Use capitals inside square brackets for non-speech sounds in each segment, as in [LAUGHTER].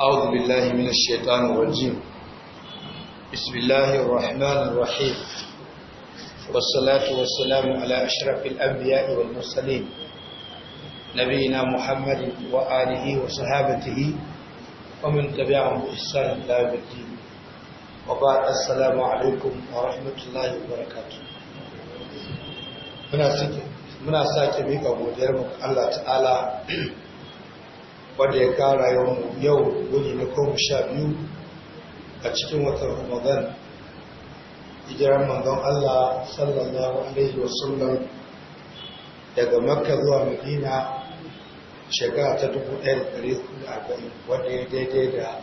أعوذ بالله من الشيطان الرجيم بسم الله الرحمن الرحيم والصلاة والسلام على أشرف الأنبياء والمرسلين نبينا محمد وآله وصحابته ومن تبعهم بإحسان إلى يوم الدين وبعد السلام عليكم ورحمة الله وبركاته muna sake mika godiyar mu Allah ta'ala wanda ya kara yawan yau guji na goma sha biyu a cikin watan ramadan ijiran manzon Allah sallallahu alaihi wasallam daga makka zuwa madina shekara ta 1440 wanda ya daidai da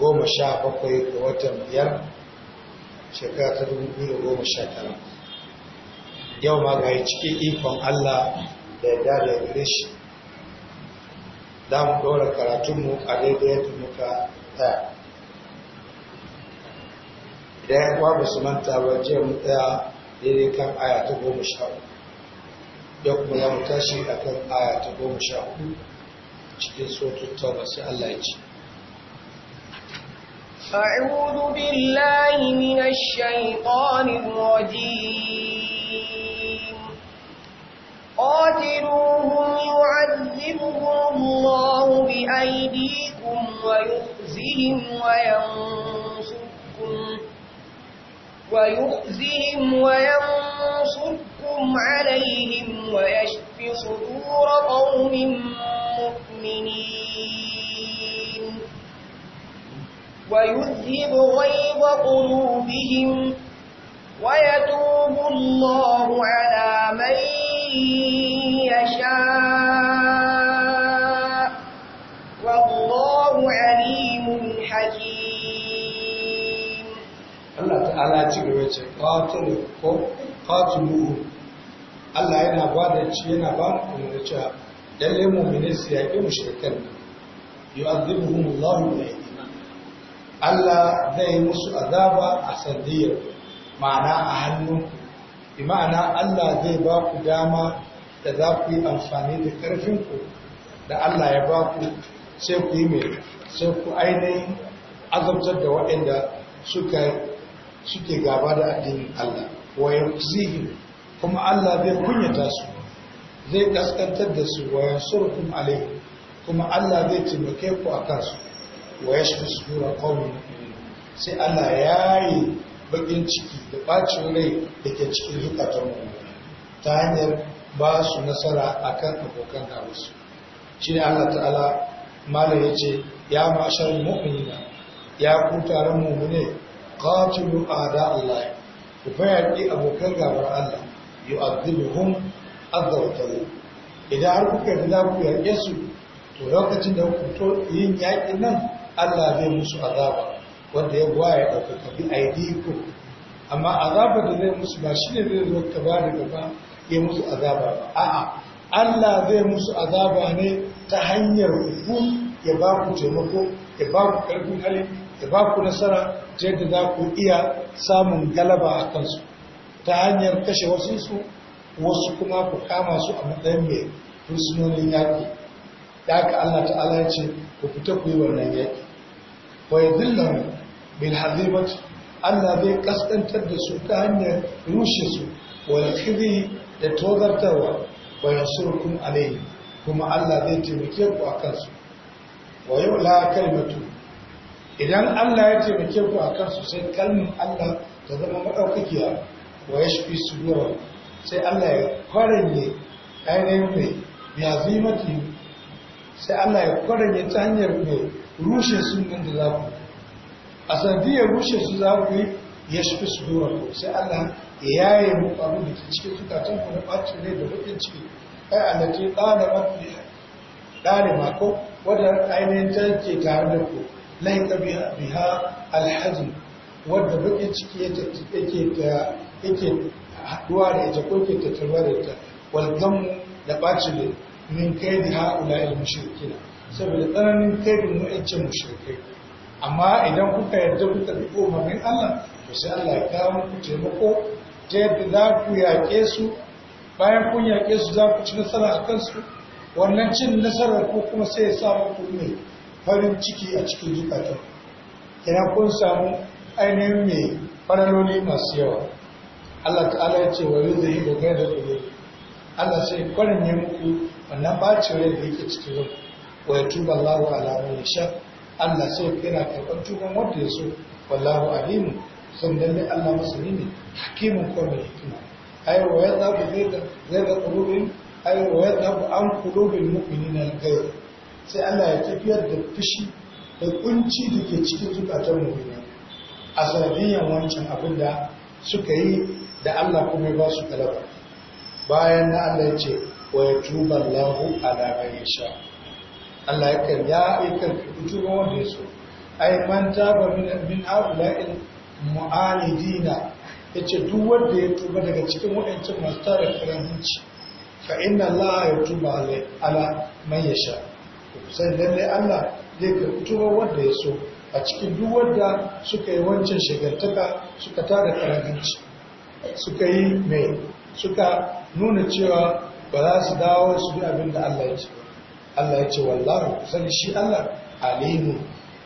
goma sha bakwai ga watan biyar shekara ta 2019 yau ma ga cikin ikon Allah da ya dada gare shi Da mu ɗora karatunmu a daidai yadda muka tsaya idan ya kuwa ba su manta ba jiya mu tsaya daidai kan aya ta goma sha uku ya kuma za mu tashi a kan aya ta goma sha uku cikin sotun tauba sai Allah ya ce أعوذ بالله من الشيطان الرجيم قاتلوهم يعذبهم الله بأيديكم ويخزهم وينصركم ويخزهم وينصركم عليهم ويشف صدور قوم مؤمنين ويذهب غيظ قلوبهم ويتوب الله على من يشاء والله عليم حكيم الله تعالى تقوى قاتل قاتلوه Allah yana ba da ci yana ba da umarni cewa lalle mu'mini su yaƙi mushrikan yu'adhibuhum Allah bi iman. Allah zai musu azaba a sandiyar ma'ana a hannunku bi ma'ana Allah zai ba ku dama da za ku yi amfani da ƙarfinku da Allah ya ba ku sai ku yi mai sai ku ainihin azabtar da waɗanda suke gaba da addinin Allah wayan zihi kuma Allah bai kunyata su zai ƙasƙantar da su wayan surukun alai kuma Allah zai taimake ku a kansu wayan shi su dura sai Allah ya yi bakin ciki da ɓacin rai da ke cikin hikatar mu ta hanyar ba su nasara a kan abokan gabansu shi ne Allah ta'ala malam ya ce ya mashar mu'minina ya ku taron mu'mine qatilu da Allah ku fayaki abokan gabar Allah hun adawtahu idan har kuka yi za ku yaƙe su to lokacin da ku yin yaƙi nan Allah zai musu azaba wanda ya gwaya ɗaukaka bi aidiku amma azaba da zai musu ba shi ne zai zo ka ba da gaba ya musu azaba ba a'a Allah zai musu azaba ne ta hanyar ku ya ba ku taimako ya ba ku ƙarfin hali ya ba ku nasara ta yadda za ku iya samun galaba a kansu ta hanyar kashe wasu wasu kuma ku kama su a matsayin mai fursunonin yaƙi da aka Allah ta'ala ya ce ku fita ku yi wannan yaƙi wa ya dillan bil hazimat Allah zai kaskantar da su ta hanyar rushe su wa kiri. da tozartarwa wa yansurkum alayhi kuma Allah zai taimake ku a kansu wa yau la kalmatu idan Allah ya taimake ku a kansu sai kalmin Allah ta zama madaukakiya wa ya su sudurar sai Allah ya kwaranye ainihin mai yazimati sai Allah ya kwaranye ta hanyar mai rushe sunan da za ku a sandiyar rushe su za ku yi su yashfi ko sai Allah ya yaye mu abin da ke cikin zukatan ku na bacin rai da bakin ciki ai allati qala rabbi dare ma mako wanda ainihin take tare da ku lai tabiha biha alhazn wanda bakin ciki yake yake haduwa da ita ko ke tattarwa da ita wal gamu da bacin rai min kaidi haula al mushrikina saboda tsananin kaidin mu'accin mushrikai amma idan kuka yarda kuka bi umarnin Allah to sai Allah ya kawo muku taimako ta yadda za ku yaƙe su bayan kun yaƙe su za ku ci nasara a kansu wannan cin nasarar ko kuma sai ya samu ku ne farin ciki a cikin zukatan Ina kun samu ainihin mai fararoli masu yawa Allah ta'ala ya ce wa zai da gaira da Allah sai kwarin ya muku wannan bacin rai da yake cikin rai wa ya tuba Allahu ala ya sha. Allah sai kira karɓar tuban wanda ya so wallahu alimu sun lalle Allah masani ne hakimin ko mai hikima ayar ku yadhabu zayda qulubin ayar za ku an ƙulubin mu'minina na gaya sai Allah ya tafiyar da fushi da kunci da ke cikin zukatar mu'mina a sanadiyan wancan abin da suka yi da Allah kuma ba su galaba bayan na Allah ya ce wa ala man Allah ya kan ya aikan tuba wanda ya so ai man taba min abu haula'il ya yace duk wanda ya tuba daga cikin waɗancan masu tara karanci fa inna Allah ya tuba ala ya sha sai lalle Allah zai karɓi tuba wanda ya so a cikin duk wanda suka yi wancan shagartaka suka tara firanci suka yi mai suka nuna cewa ba za su dawo su bi abin da Allah ya ce Allah ya ce wallahu sani shi Allah alimu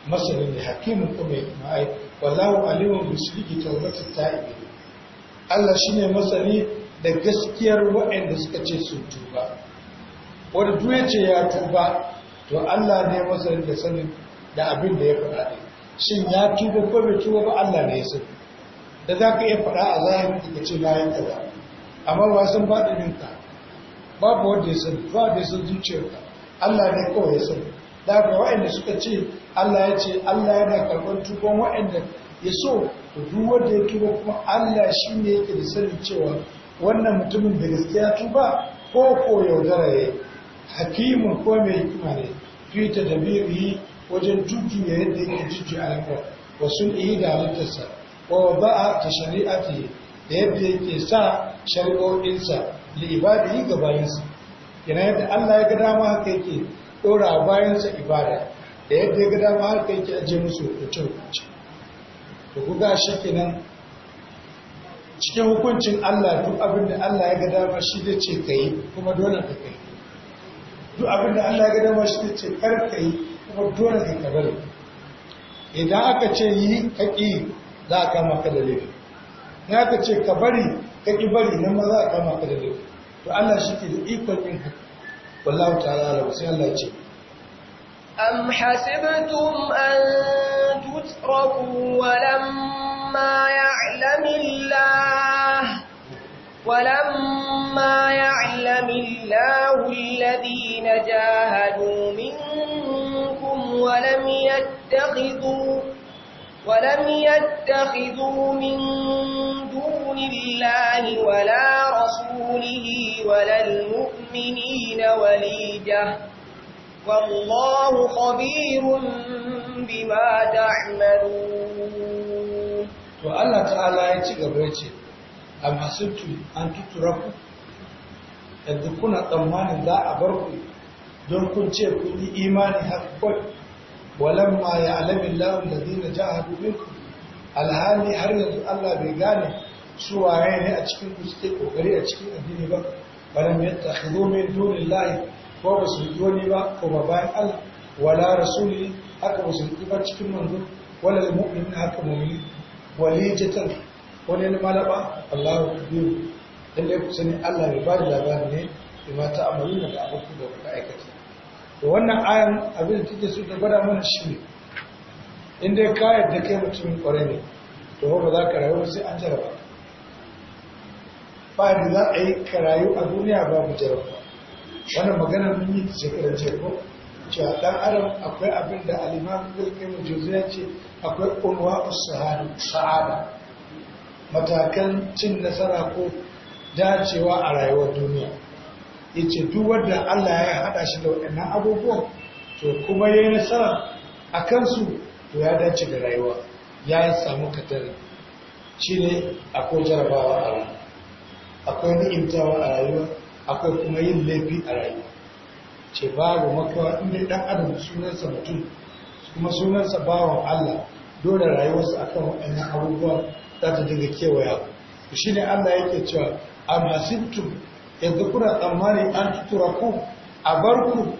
masanin da hakimin kuma ya kuma ai wallahu alimun bi sidiki tawbati ta'ibi Allah ne masani da gaskiyar waɗanda suka ce sun tuba wanda duk ya ce ya tuba to Allah ne masani da sanin da abin da ya faɗa ne shin ya tuba ko bai tuba ba Allah ne ya sani da za ka iya faɗa a zahiri ka ce na yanka ba amma ba san faɗin ka babu wanda ya sani ba da ya san zuciyarka Allah ne kawai ya sani da waɗanda suka ce Allah ya ce Allah yana karɓar tuban waɗanda ya so da duk wanda ya tuba kuma Allah shi ne yake da sani cewa wannan mutumin da gaskiya tuba ko ko yaudara ya hakimin ko mai hikima ne fi ta dabirihi wajen ya yadda yake a al'amura wasu iyi da halittarsa ba ba'a ta shari'ati da yadda yake sa shari'o'insa li ibadi ga bayansa yana yadda Allah ya ga dama haka yake ɗora bayansa ibada da yadda ya ga dama har kai ki aje musu hukuncin hukunci to ku ga shi nan cikin hukuncin Allah duk abin da Allah ya ga dama shi da ce kai kuma dole ka kai duk abin da Allah ya ga dama shi da ce kar kai kuma dole ka kabar idan aka ce yi ka ƙi za a kama ka da laifi in aka ce ka bari ka ƙi bari nan ma za a kama ka da laifi to Allah shi ke da ikon yin haka والله تعالى على وسيلة الله أم حسبتم أن تتركوا ولما يعلم الله ولما يعلم الله الذين جاهدوا منكم ولم يتخذوا ولم يتخذوا من دون الله ولا رسوله ولا المؤمنين وليدة والله خبير بما تعملون ya تعالى يتيغ بريتي أم حسبتم أن تتركوا yanzu kuna tsammanin za a bar ku don kun ce kun yi imani haƙƙon walan ma ya alamin lahun da zina ja a ku alhali har yanzu Allah bai gane su waye ne a cikin ku suke ƙoƙari a cikin addini ba falam yattakhidhu min dunillahi ko ba su doni ba ko ba bayan Allah wala rasuli haka ba su yi ba cikin manzo wala mu'min haka mu'min walijatan wani malaba Allahu biyu lalle ku Allah ba labari ne aikata to wannan ayan abin da take so ta gwada mana shi ne in dai ka yarda kai mutumin kwarai ne to ba za ka rayu sai an jarraba ba za a yi karayu a duniya babu jarabba wannan maganar mun yi shekarar jeko cewa dan adam akwai abin da aliman zulkin juziya ce akwai ulwa sa'ada matakan cin nasara ko dacewa a rayuwar duniya yace duk wanda Allah ya haɗa shi da waɗannan abubuwan to kuma yi nasara a kansu to ya dace da rayuwa ya samu katari shine akwai jarabawa a rayuwa akwai ni'imtawa a rayuwa akwai kuma yin laifi a rayuwa ce babu makawa inda dan adam sunansa mutum kuma sunansa bawa Allah dole rayuwarsa a kan waɗannan abubuwa za ta dinga kewaya shi ne Allah yake cewa a masittum yanzu kuna tsammani an tutura ku a bar ku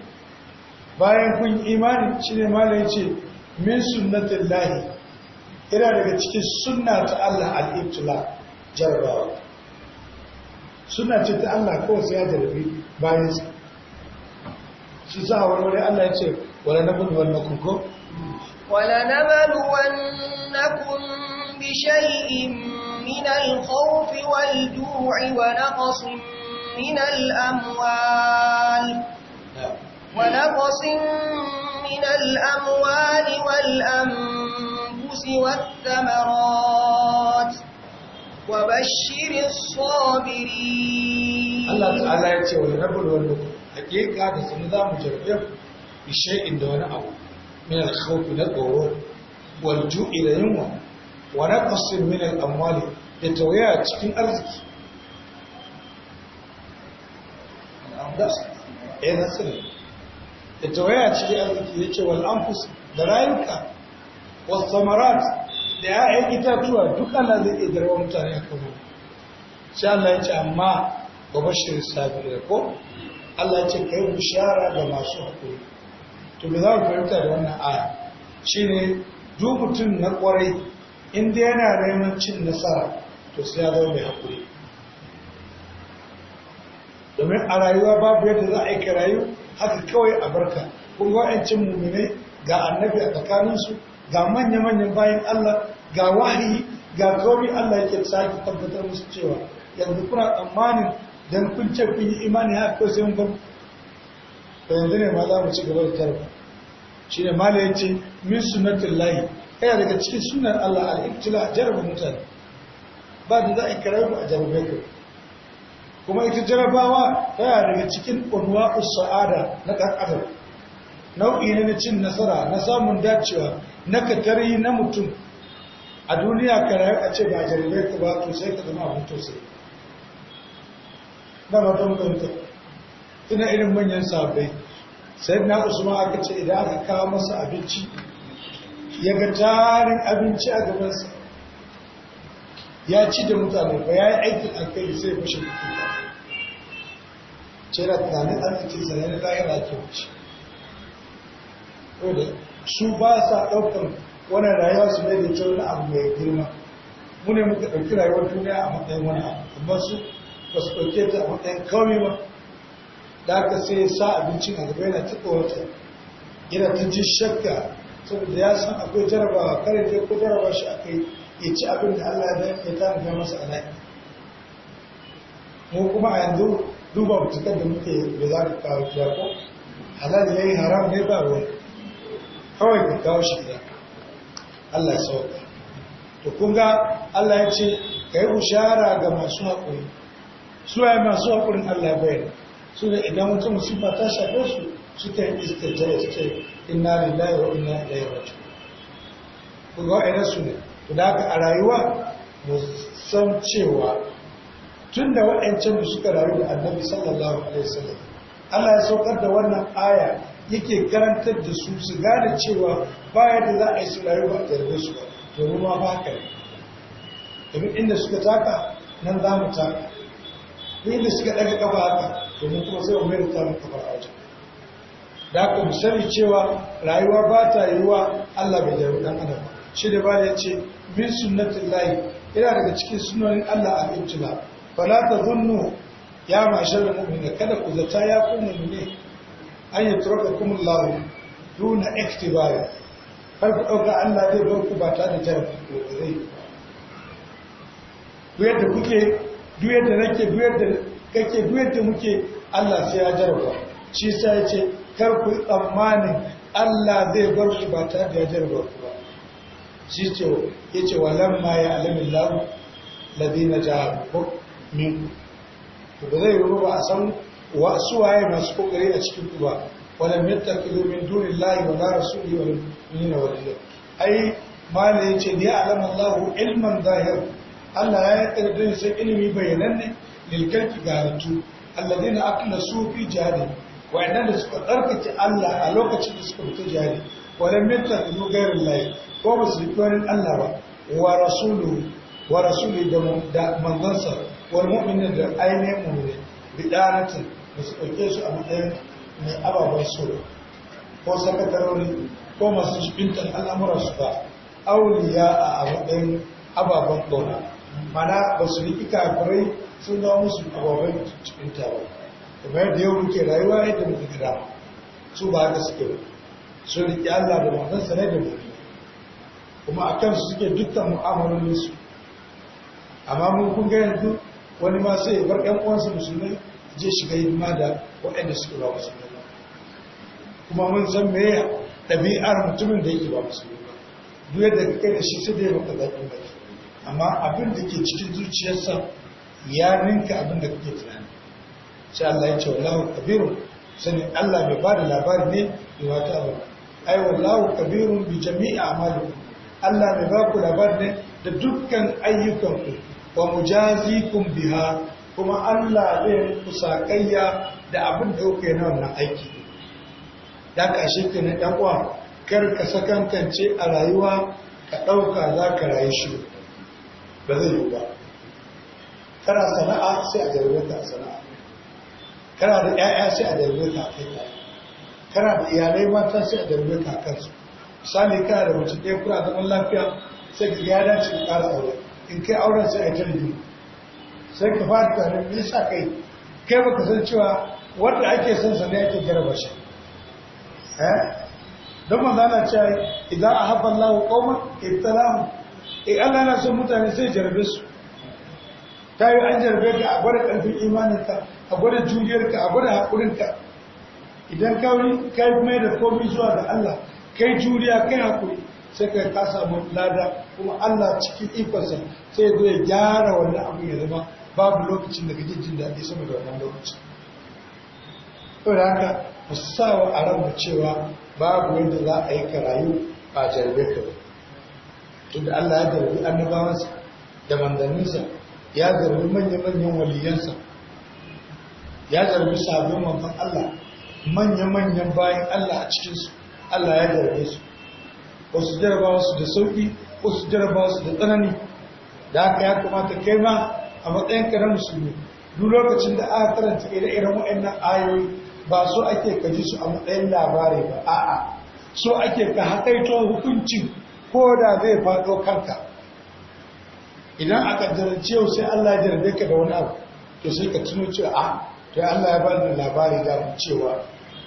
bayan kun imani shi ne ma ce min sunnatin lahi yana daga cikin sunna ta Allah al'ibtula jarabawa suna ce ta Allah kawai sai ya jarabi bayan su shi za a wani Allah ya ce wala na gudu wani kuko wala na balu wani kun bi shay'in minal al wal ju'i wa na min minal amwal minal ونقص من الأموال والأنفس والثمرات وبشر الصابرين الله تعالى يتي ورب الولد حقيقة تسمى ذا مجرب بشيء دون أو من الخوف نقول والجوء إلى يوم ونقص من الأموال لتويا تكين أرزك أنا أصلي لتويا تكين أرزك لتويا تكين أرزك والأنفس درائمك والثمرات da ya'yan itatuwa duk ana zai iya garwa mutane a kuma shi Allah ce amma ga bashir da ko Allah ce ce kai bishara ga masu hakuri to me za mu fahimta da wannan aya shine duk mutum na kwarai in dai yana neman cin nasara to sai ya zama mai hakuri domin a rayuwa babu yadda za a yi ka rayu haka kawai a barka kun ga 'yancin muminai ga annabi a tsakaninsu ga manya-manyan bayan Allah ga wahayi ga komi Allah yake sake tabbatar musu cewa yanzu kuna tsammanin don kun ce kun yi imani ya ko sai mun to yanzu ne ma za mu ci gaba da tarba shi ne mala ya ce min sunatun layi ɗaya daga cikin sunan Allah al'iktila a jarabar mutane ba da za a ikirar ku a jarabar ku kuma ita jarabawa taya daga cikin unwa'u sa'ada na ɗan nau'i ne na cin nasara na samun dacewa na katari na mutum a duniya ka rayu a ce ba jarirai ta ba to sai ka zama abin sai ba ba don ina irin manyan sabai sai na usman aka ce idan aka kawo masa abinci ya ga tarin abinci a gabansa ya ci da mutane ba ya yi aikin alkali sai fashe da kuka ce na tunanin arzikin sa lahira ke wuce su ba sa ɗaukar wani rayuwa su ne da cewa na abu mai girma Mune muka ɗauki rayuwar duniya a matsayin wani abu amma su ba ɗauke ta a matsayin kawai ba da aka sai sa abincin a gaba yana taɓa wata yana ta ji shakka saboda ya san akwai jarabawa kare ta ko jarabawa shi aka yi ya ci abin da Allah ya tanada masa a nan mu kuma a yanzu duba mutukar da muke da za ka kawo ko halal ya yi haram ne ba wani kawai ka kawo shi gida Allah ya sauka to kun ga Allah ya ce ka yi bushara ga masu haƙuri su waye masu haƙurin Allah ya bayyana su da idan mutum musifa ta shafe su suka yi istajara su ce inna lillahi wa inna ilaihi raji'un ku ga wa'ina su ne to da haka a rayuwa mu san cewa tun da waɗancan da suka rayu da annabi sallallahu alaihi wasallam Allah ya saukar da wannan aya yake karantar da su su gane cewa ba da za a yi su rayuwa ba a su ba domin ma ba ka domin inda suka taka nan za mu taka inda suka daga kafa haka domin kuma sai umar ta mu kafa a wajen da aka mu sani cewa rayuwa ba ta yiwuwa Allah bai jaru dan adam shi da ba ya ce min sunnatin layi yana daga cikin sunanin Allah al-ibtila fala tazunnu ya mashar mu'mina kada ku zata ya ku mu'mine an yi turaka kuma lawo duna ikhtibari har ku ɗauka Allah zai bar ku ba tare da jarabi ko zai ku yadda kuke duyar da nake duyar da kake duyar da muke Allah sai ya jaraba shi sa ya ce kar ku tsammanin Allah zai bar ku ba tare da jaraba ku ba shi ce ya ce wa ma ya alamin lawo ladina jahabu min ku ba zai yi ba a san wa suwaye masu kokari a cikin ku ba wala mittaqidu min dunillahi wala wani wala wani waliya ai mala yace ni alama Allahu ilman zahir Allah ya yi yarda da sai ilimi bayananne lil kalbi garatu alladina su fi jihadi wa inda suka tsarkace Allah a lokacin da suka fita jihadi wala mittaqidu ghayrillahi ko ba su wani Allah ba wa rasuluhu wa rasuli da manzansa wal mu'minin da ainihin mu'minin bidanatin da su ɗauke su a matsayin mai ababen so ko sakatarori ko masu shibintar al'amuran su ba auliya a matsayin ababen ƙauna mana ba su riƙi kafirai sun zama musu ababen shibinta ba kamar da yau muke rayuwa yadda muke gida su ba haka suke ba riƙi allah da manzansa ne da mu kuma a kansu suke dukkan mu'amalolinsu amma mun kun ga yanzu wani ma sai ya bar ƴan uwansa musulmai zai shiga hidima da waɗanda suke ba musulmi ba kuma mun san meya ɗabi'ar mutumin da yake ba musulmi ba duk yadda kai da shi sai dai maka zaƙin baki amma abin da ke cikin zuciyarsa ya ninka abin da kake tunani sai Allah ya ce wallahu kabiru sani Allah bai ba da labari ne da wata abu ai wallahu kabirun bi jami'a amalikum Allah bai ba ku labari ne da dukkan ayyukanku wa mujazikum biha kuma Allah zai muku sakayya da abin da nan na wannan aiki da ka shi ka na uwa kar ka sakantance a rayuwa ka ɗauka za ka rayu shi ba zai yi ba kana sana'a sai a jarurata a sana'a kana da 'ya'ya sai a jarurata a kai kana da iyalai mata sai a jarurata a kansu misali kana da mace ɗaya kuna zaman lafiya sai ka ya dace ka ƙara aure in kai auren sai a yi sai ka fara tare da sa kai kai baka san cewa wanda ake son sa ne ake jarraba shi eh don manzo ana cewa idan ahabba Allah qauman mu eh Allah na son mutane sai jarabe su ta yi an jarabe ka a gwada karfin imaninka a gwada juriyarka a gwada haƙurinka idan kawai kai mai da komai zuwa da Allah kai juriya kai haƙuri sai kai ka samu lada kuma Allah cikin ikonsa sai zai gyara wannan abu ya zama babu lokacin da gajin jin daɗi sama da wannan lokacin to da haka mu sa wa a ranmu cewa babu wanda za a yi ka rayu ba jarabe ka ba tunda Allah ya jarabi annabawansa da mandaninsa ya jarabi manya-manyan waliyansa ya jarabi sabon manfan Allah manya-manyan bayan Allah a cikinsu Allah ya jarabe su wasu jarabawa su da sauƙi wasu jarabawa su da tsanani da haka ya kamata kai ma a matsayin ka na musulmi duk lokacin da aka karanta ire-iren waɗannan ayoyi ba so ake ka ji su a matsayin labari ba a'a so ake ka haƙaito hukuncin ko da zai faɗo kanka idan a ƙaddarance yau sai Allah ya jarbe ka da wani abu to sai ka tuno cewa a to Allah ya ni labari da cewa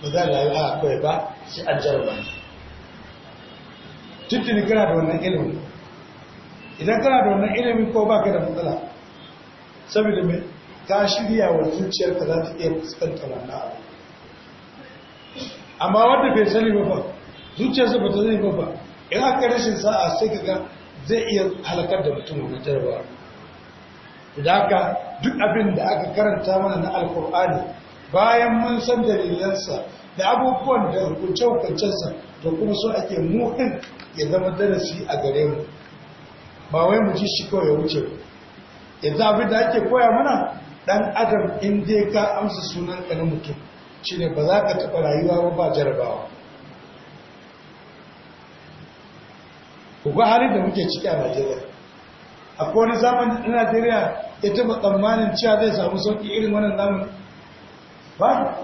ba za da yi a kai ba sai an jarba ni tuntuni kana da wannan ilimin idan kana da wannan ilimin ko baka da matsala saboda mai ta shirya wa zuciyarka za ta iya fuskanta wannan abu amma wanda bai sani ba ba zuciyarsa ba ta zai ba ba in aka rashin sa'a sai ka ga zai iya halakar da mutum wani jarabawa da aka duk abin da aka karanta mana na alkur'ani bayan mun san dalilansa da abubuwan da hukunce-hukuncensa da kuma so ake muhin ya zama darasi a gare mu ba wai mu ji shi kawai ya wuce ba yanzu abin da ake koya mana ɗan adam in ya ka amsa sunan ka na mutum ne ba za ka taɓa rayuwa ba ba jarabawa ku ga halin da muke ciki a Najeriya A kowane zaman na Najeriya ya taɓa tsammanin cewa zai samu sauƙi irin wannan zamani ba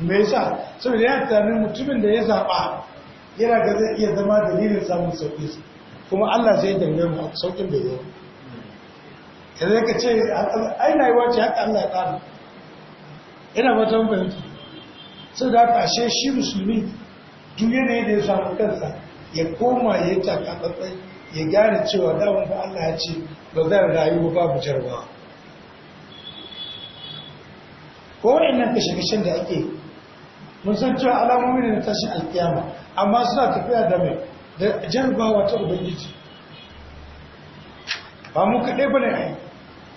me yasa saboda yana tunanin mutumin da ya zaɓa yana ga zai iya zama dalilin samun sauƙi kuma Allah zai dangane mu sauƙin da yau ka zai ka ce ai na yi wace haka Allah ya ƙari ina wata fahimta sau da haka ashe shi musulmi duk yanayi da ya samu kansa ya koma ya yi takakatsai ya gane cewa damar da Allah ya ce ba zan rayu babu jarba ko nan kashe-kashen da ake mun san cewa alamomi ne na tashin alkiyama amma suna tafiya da mai da jarbawa ta ubangiji ba mu kaɗai ba ne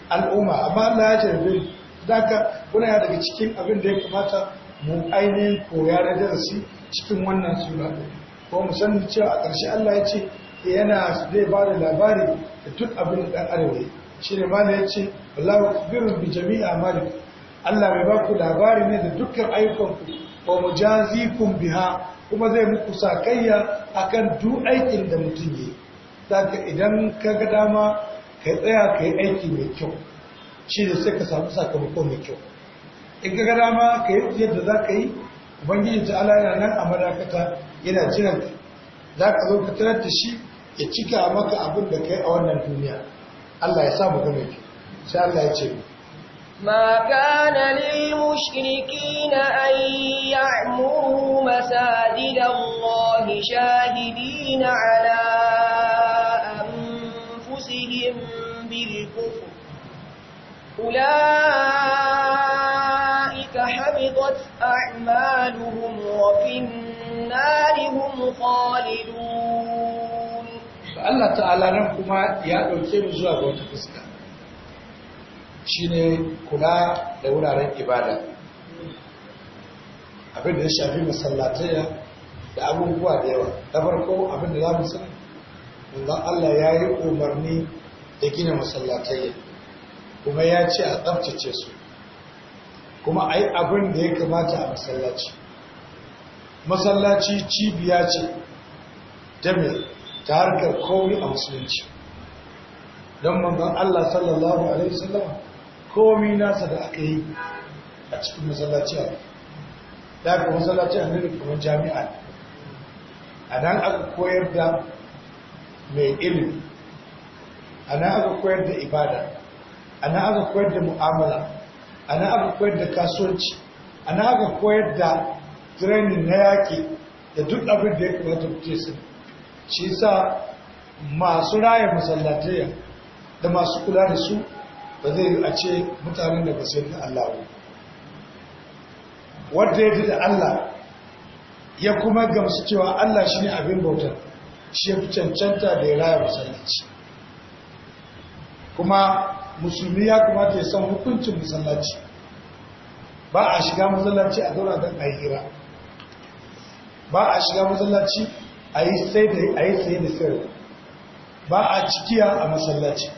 al'umma amma Allah ya tarbe daga kuna ya daga cikin abin da ya kamata mu ainihin koya da darasi cikin wannan sura ko mu san cewa a ƙarshe Allah ya ce eh, yana zai ba da labari da duk abin da ɗan arewa shi ne ma ya ce Allah wa kabiru bi jami'a malik Allah mai ba ku labari ne da dukkan Ko mu ja zikun biha kuma zai muku sakayya akan duk aikin da mutum yi daga idan ka ga dama ka tsaya ka yi aiki mai kyau shi da sai ka samu sakamako mai kyau in ka gada ma ka yi yadda za ka yi ubangiji ta ala yana nan a madakata yana jiran ka za ka zo ka tarar da shi ya cika maka abin da ka yi a wannan duniya allah ya sa mu mai kyau sai allah ya ce ما كان للمشركين أن يعمروا مساجد الله شاهدين على أولئك حبطت أعمالهم وفي النار هم خالدون فالله تعالى نمكما يأتوا كيف زوا بوتا فسكا shine kula da wuraren ibada abin da ya shafi masallataya da abubuwa da yawa da farko abin da za mu sani Allah ya yi umarni da gina masallatai kuma ya ce a tsabtace su kuma a yi abin da ya kamata a masallaci masallaci cibiya ce ta mai ta harkar komi a musulunci don manzan Allah sallallahu Alaihi wasallam komi nasa da aka yi a cikin masallaci a da aka masallaci a nuna kuma jami'a a nan aka koyar da mai ilimi a nan aka koyar da ibada ana aka koyar da mu'amala ana aka koyar da kasuwanci ana aka koyar da training na yaki da duk abin da ya kamata mutum su shi sa masu raya masallatai da masu kula da su ba zai yi a ce mutanen da ba su yi Allah ba wanda ya fi da Allah ya kuma gamsu cewa Allah shi ne abin bautar shi ya fi cancanta da ya raya masallaci kuma musulmi ya kamata ya san hukuncin masallaci ba a shiga masallaci a zauna don a ba a shiga masallaci a yi sai da a yi sai da sai ba a cikiya a masallaci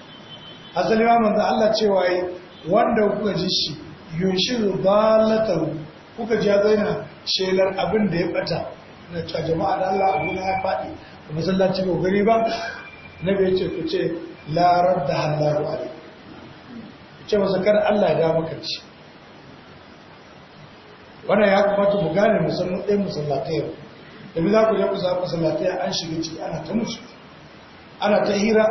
asali ma manzo Allah cewa yi wanda kuka ji shi yunshiru balatahu kuka ji ya zaina shelar abin da ya bata na cewa jama'a da Allah abu na ya faɗi a masallaci ba gari ba na ya ce ku ce larar da halaru ce masa kar Allah ya maka ci wanda ya kamata mu gane musamman ɗaya musallatai da za ku je za musallatai an shiga ciki ana ta musu ana ta hira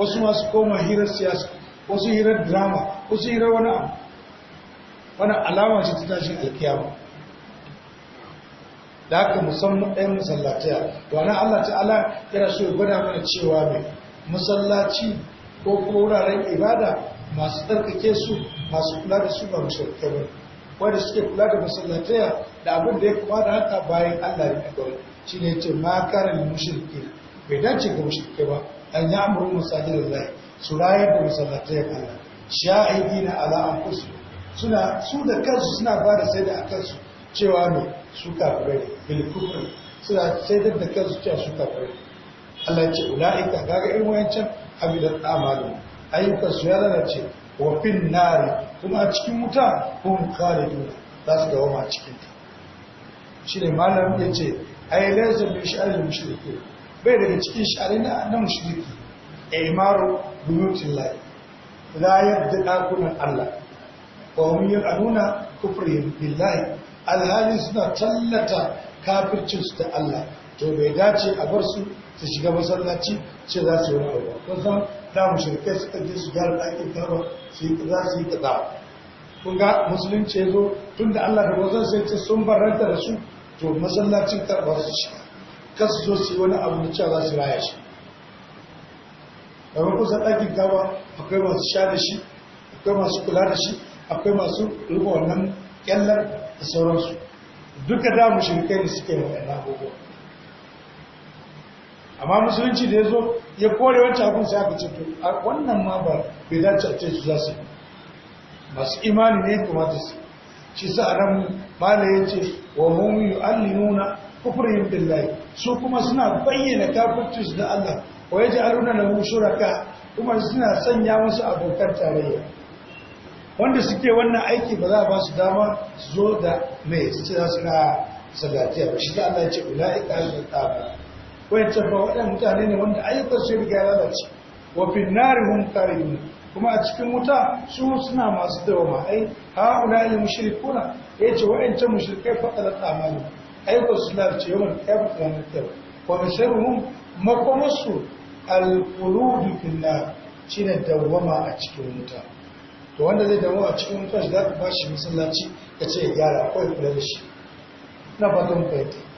wasu masu koma hirar siyasa wasu hirar drama wasu hirar wani abu wani alama ce ta tashin alkiyama da aka musamman ɗaya musallatai wani Allah ta'ala yana so ya gwada mana cewa mai musallaci ko kuma wuraren ibada masu ke su masu kula da su ba mushrike ba wanda suke kula da masallataya da abin da ya kuma da haka bayan Allah ya a wani shi ne ce ma karan mushrike bai dace ga mushrike ba an yi amurin musajin da zai su rayar da masallataya Allah sha'idi na ala an suna su da kansu suna ba da sai da a kansu cewa ne su kafirai bilkufrin suna sai da kansu cewa su kafirai Allah ce ula'ika kaga irin da abidan amalin ayyukansu ya lalace wa fin nari kuma a cikin wuta hun kare duka za su ma a ta shi ne malam ya ce ai mai sha'ari da mashirki bai daga cikin sha'ari na nan mushriki imaru buyutin lai layar yadda dakunan Allah wa hum yad'una kufurin billahi alhali suna tallata kafircinsu da Allah to bai dace a bar su su shiga masallaci ce za su yi wani abu da mushrikai suka je su gyara ɗakin kaba su yi kaza su yi kaza kun ga musulunci ya zo tun da Allah da wazan sai ce sun baranta da su to masallacin karɓar su shi kar su zo su yi wani abu da cewa za su raya shi Daga kusa ɗakin kaba akwai masu sha da shi akwai masu kula da shi akwai masu rufe wannan kyallar da sauransu duka da mushrikai ne suke ɗan abubuwa amma musulunci da ya zo ya kore wancan abin sai aka cikin wannan ma ba bai dace a ce su za su masu imani ne ta su shi sa a nan mala ya ce wa hum yu'allinuna kufrihim billahi su kuma suna bayyana su da Allah wa yaj'aluna lahu raka kuma suna sanya musu abokan tarayya wanda suke wannan aiki ba za a ba dama zo da mai su ce za su ba shi da Allah ya ce ula'ika ya da ba wayancan ba waɗannan mutane ne wanda ayyukan su ya lalace wa fi nari hum kuma a cikin wuta su suna masu dawama ai haula al mushrikuna yace wayancan mushrikai fa da amalu ayyukan su lalace yawan kafin wannan tawa wa sharruhum makomasu al qulud fi nar shine dawama a cikin wuta to wanda zai dawo a cikin wuta shi za ka bashi masallaci ka ce ya gyara akwai kula da shi na fatan fahimta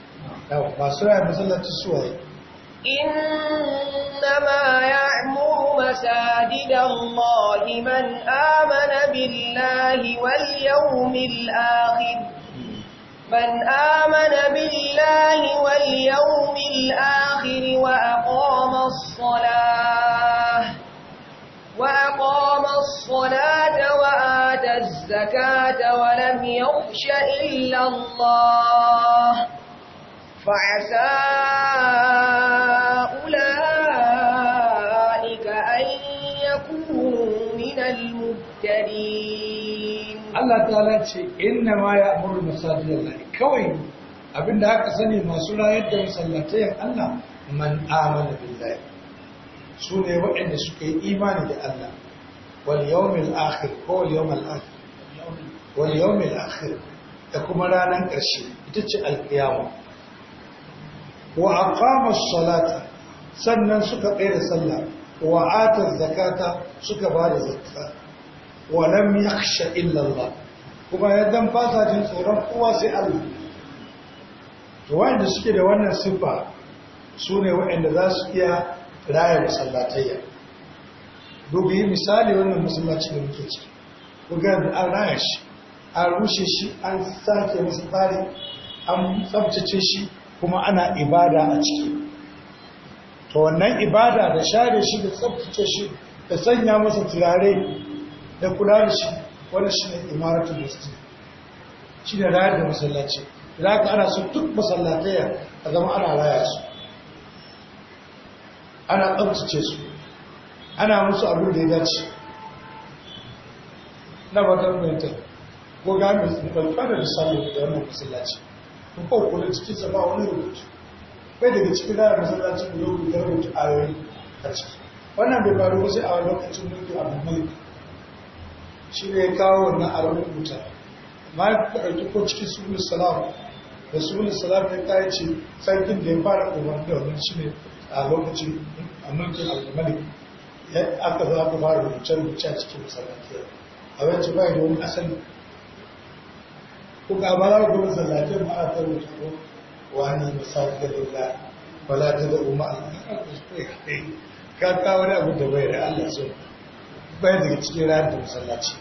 إنما يعمر مساجد الله من آمن بالله واليوم الآخر من آمن بالله واليوم الآخر وأقام الصلاة وأقام الصلاة وآتى الزكاة ولم يخش إلا الله فعسى أولئك أن يكونوا من المبتدين الله تعالى إنما يأمر مساجد الله كوي abin da aka sani masu rayar da masallatayin Allah man amana billahi su waɗanda suke imani da Allah wal yawmil akhir da kuma ranar ƙarshe ita ce alkiyama wa aqama salata sannan suka tsaya sallah wa ata zakata suka bada zakka wa lam yakhsha illa Allah kuma yadan fata jin tsoron kowa sai Allah to wanda suke da wannan sifa ne wanda za su iya raya masallatayya dubi misali wannan masallaci da muke ci ku ga an raya shi an rushe shi an sake masa tsari an tsabtace shi kuma ana ibada a ciki to wannan ibada da share shi da tsabtace shi da sanya masa turare da kula da shi wani shi ne imaratul masjid shi ne rayar da masallaci za ka ana su duk masallataya a zama ana raya su ana tsabtace su ana musu abin da ya dace na wata mai ta goga mai tsibbalfa da misali da wannan masallaci to ko kula cikin sa wani rubutu bai daga cikin rana masallacin da yau da rubutu a yau a ciki wannan bai faru sai a lokacin mulki abu mai shi ne kawo wannan a rubuta ma ya ɗauki ko cikin subul salam da subul salam ya kai ce sarkin da ya fara umarni da wani shi ne a lokacin mulkin al-malik aka za ka fara rubuce-rubuce a cikin masallaci a wancan bai da wani asali وقابلها قلوا صلاة ما أتوا وأنا مساجد الله da تدعوا مع ka wani abu da bai da Allah so bai da cikin rayar da masallaci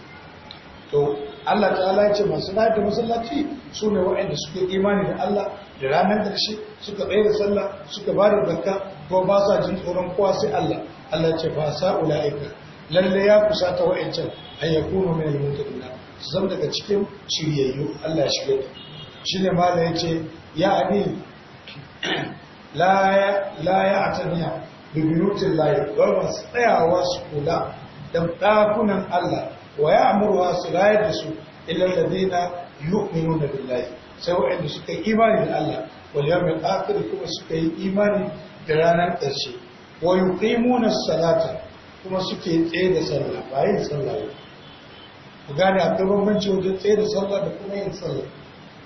to Allah ta ya ce masu rayar da masallaci su ne waɗanda suke imani da Allah da ranar da shi, suka bai da sallah suka ba da zakka ko ba sa jin tsoron kowa sai Allah Allah ce ba sa ulaika lalle ya kusa ta waɗancan ayyakunu min al-muttaqin su zama daga cikin shiryayyu Allah shirya da shi ne da ya ce ya abi la ya ataniya da layi ba su tsayawa su kula da ɗakunan Allah wa ya amurwa su layar da su ilallabi na yu'minu da sai waɗanda suka yi imani da Allah wal yawmil akhir kuma suka yi imani da ranar ƙarshe wa yuqimuna salata kuma suke tsaye da sallah bayan sallah ku gane akwai bambanci wajen tsaye da sallah da kuma yin sallah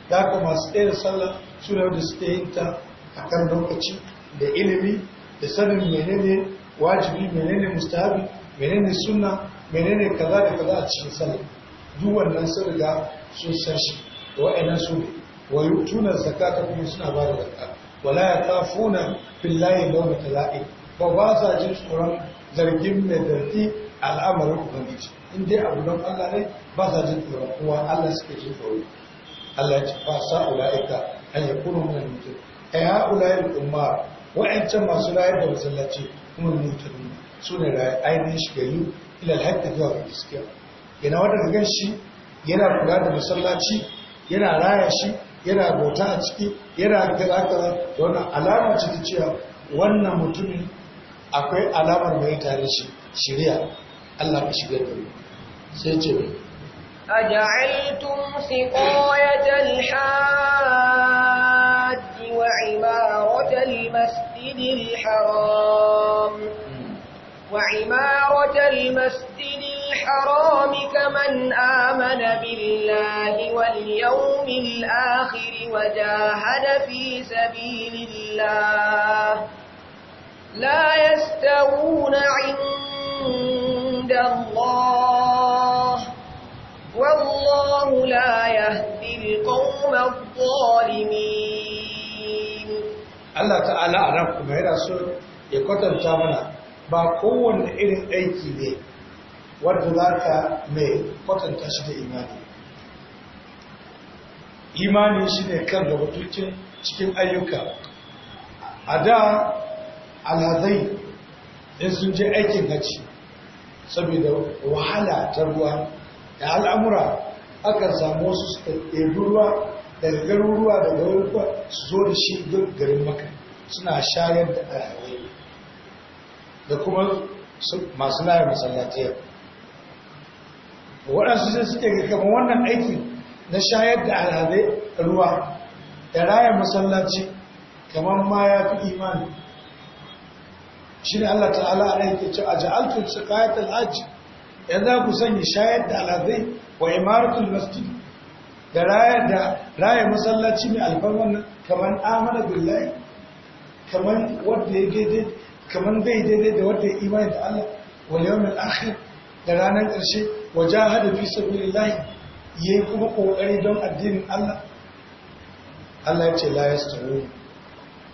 da haka masu tsaye da sallah su ne wanda suke yin ta a kan lokaci da ilimi da sanin menene wajibi menene mustahabi menene sunna menene kaza da kaza a cikin sallah duk wannan sun riga sun san shi da wa'inan su ne wa yutuna zakata kuma suna ba da zakka wala yaqafuna billahi lawma tala'i ba ba sa jin tsoron zargin mai zargi al'amarin ubangiji in dai abu don Allah ne ba sa jin tsoron kowa Allah suke jin tsoro Allah ya ce fa sa ulaika an yakunu min al-mutun ay ha ulaika al wa'in can masu rayar da musallaci kuma mutun su ne rayar ainihin shigari ila al-haqqi zuwa ga gaskiya yana wanda ga gan shi yana kula da musallaci, yana raya shi yana bauta a ciki yana kira. da wannan alama ce ta cewa wannan mutumin akwai alamar mai tare shi shirya Allah ka shigar da mu sai أجعلتم سقاية الحاج وعمارة المسجد الحرام وعمارة المسجد الحرام كمن آمن بالله واليوم الآخر وجاهد في سبيل الله لا يستوون عند عند الله والله لا يهدي Allah Ta'ala a تعالى kuma كما يرى ya kwatanta mana, ba kowane irin aiki ne wadda za ka mai kwatanta shi da imani imani shi ne kan rubutun cikin ayyuka a da alhazai in sun je aikin hajji saboda wahala ta ruwa da al'amura akan samu wasu su ɗaiɗaiɗu ruwa daga garuruwa daga ruwa su zo da shi duk garin maka suna shayar da ɗarawai da kuma masu layar masallatiyar waɗansu sai suke ga kama wannan aiki na shayar da alhazai ruwa da rayar masallaci kamar ma ya fi imani shi ne Allah ta'ala a yake ce a ja'altu sikayatul hajj za ku sanya shayar da alazai wa imaratul masjid da raya da raya masallaci mai alfarman kamar amana billahi kamar wanda ya daidai kamar bai daidai da wanda ya imani da Allah wal yawmil akhir da ranar ƙarshe wa jahada fi sabilillahi yayi kuma kokari don addinin Allah Allah ya ce la yastawi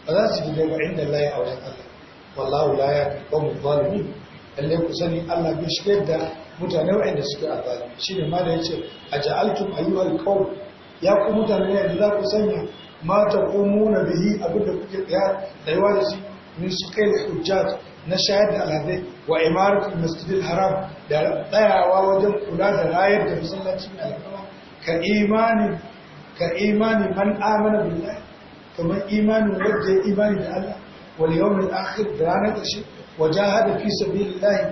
ba za su gidan ba inda Allah ya auren Allah wallahu la ya qawmu zalimin lalle ku sani Allah bai shigar da mutane waɗanda suke azalimi shine ma da yace aja'altum ayyuhal qawm ya ku mutane ne da za ku sanya ma taqumuna bihi abinda kuke tsaya tsayuwa da shi min suqil hujjat na shayar da alhazai wa imaratul masjidil haram da tsayawa wajen kula da rayar da musallaci mai alƙama ka imani ka imani man amana billahi kamar imanin wanda ya imani da Allah wal yawmil akhir da ranar ƙarshe wajahada fi sabilillah